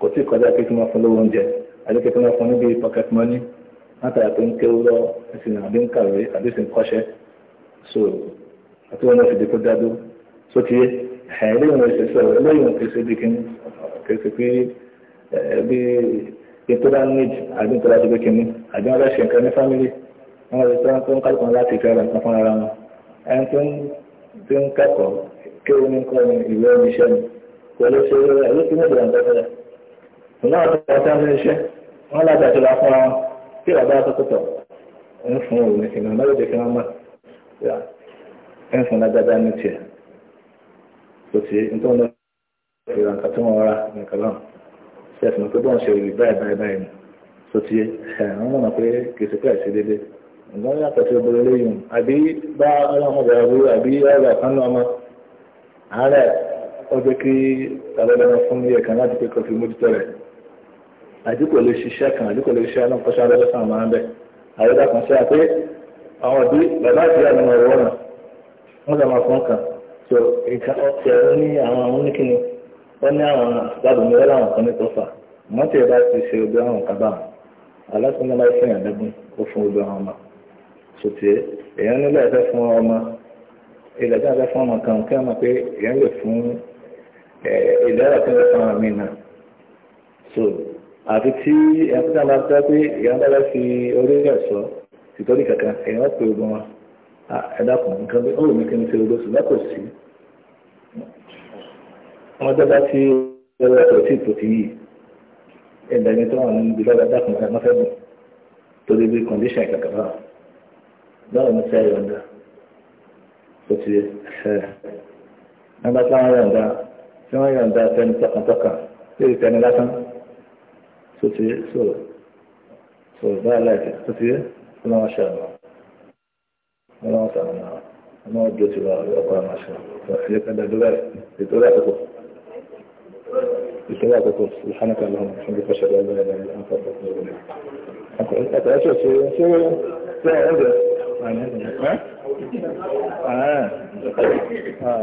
kò tí kọjá pé kí wọ́n fún lówó oúnjẹ àdékẹ́ tó ń fún níbi pocket money látara tó ń kéwú lọ ẹ̀sìn àbí ń kàwé àbí sì ń kọ́ṣẹ́ so àti wọn náà fi di kó dádó so ti yé ẹ̀ẹ́dẹ́ ìwọ̀n ìṣe sọ̀rọ̀ ẹlẹ́yìn kìí ṣe bí kí ni kìí ṣe pé bí ìtura need àbí ìtura ti bí kí ni àbí wọn bá ṣe nǹkan ní family wọn lè tọ́ tó ń kálukú láti fẹ́ ra nǹkan fúnra wọn ẹni tó ń kẹ́kọ̀ọ́ kéwú ní kọ́ ni ìwé oníṣẹ́ ni kò lè ṣe ẹlẹ́sìn wọn lágbàjọ la fún wọn tí bàbá yà tó tọ̀ ń fún òun ní sinimá lóde kí wọ́n mọ̀ ń fún lágbàjá ní tiẹ̀ kò sí nítorí wọn ìrà nǹkan tí wọ́n rà nǹkan náà sẹ́fì ní pé bọ́n ṣe rí báyìí báyìí báyìí nù tó ti ẹ̀ wọ́n mọ̀ pé kìí ṣe pé àìsí déédéé ǹgbọ́n yàtọ̀ sí obìnrin lẹ́yìn àbí bá ọlọ́run ọ̀gá ẹ̀rú àbí ọ̀gá kánú ọmọ àárẹ̀ ó kí tàbí ọlọ́run fún iye kan láti pé kọfí mójútó rẹ̀ àdúgbò lè ṣiṣẹ́ kan àdúgbò lè ṣiṣẹ́ náà kọ́ṣẹ́ alẹ́ lọ́sàn-án máa ń bẹ̀ àyẹ̀dá kan ṣe àpé àwọn òbí bàbá àti ìyá mi mọ̀ ọ̀rọ̀ náà wọ́n lọ máa fọ́n kàn tó nǹkan ọ̀tẹ̀ ní àwọn àwọn oníkíni wọ́n ní àwọn àgbàdo ní wọ́n láwọn kan ní tọ́fà mọ́tì ẹ̀dá ti ṣe obì àwọn kábà aláṣẹ́ni máa fún yàn lẹ́gbọ́n ó fún obì àwọn ọmọ sòtì èèyàn nílò ẹ̀fẹ́ fún ọmọ ilẹ̀ tí wọ́n fẹ́ fún ọmọ kan kí wọ́n mọ̀ pé èèyàn lè fún ilẹ̀ ẹ̀rọ tí wọ́n fún ọmọ náà àti tí ẹ̀yàn tó máa tẹ́ pé èèyàn bá bá fi orí rẹ̀ sọ tìtọ́lì kankan èèyàn wá pé ogun wọn ẹ̀dàkùn nǹkan bí ọ̀rọ̀ mi kí n ṣe ogun ṣùgbọ́n kò sí. wọ́n dábàá tí ẹ̀rọ ẹ̀sọ̀ tí ìtò ti yìí ẹ̀dà ẹni tó wà ní ibi lọ́wọ́ ẹ̀dàkùn kan máa fẹ́ bùn torí bí kọ̀ǹdíṣàn kankan bá báwo ni sẹ́yìn ọ̀dà tó ti ṣẹ̀ tí wọ́n yọ̀ǹda tí wọ́n lórí tẹni lásán ستية سورة سورة ما عليك ستية أنا ما شاء الله أنا ما شاء الله أنا وجدت الله ما شاء الله فحيك أن الدولار الدولار تقف الدولار تقف سبحانك اللهم وبحمدك أشهد أن لا إله إلا أنت أستغفرك وأتوب إليك أنت أشهد سورة سورة سورة يعني ها؟ آه. آه.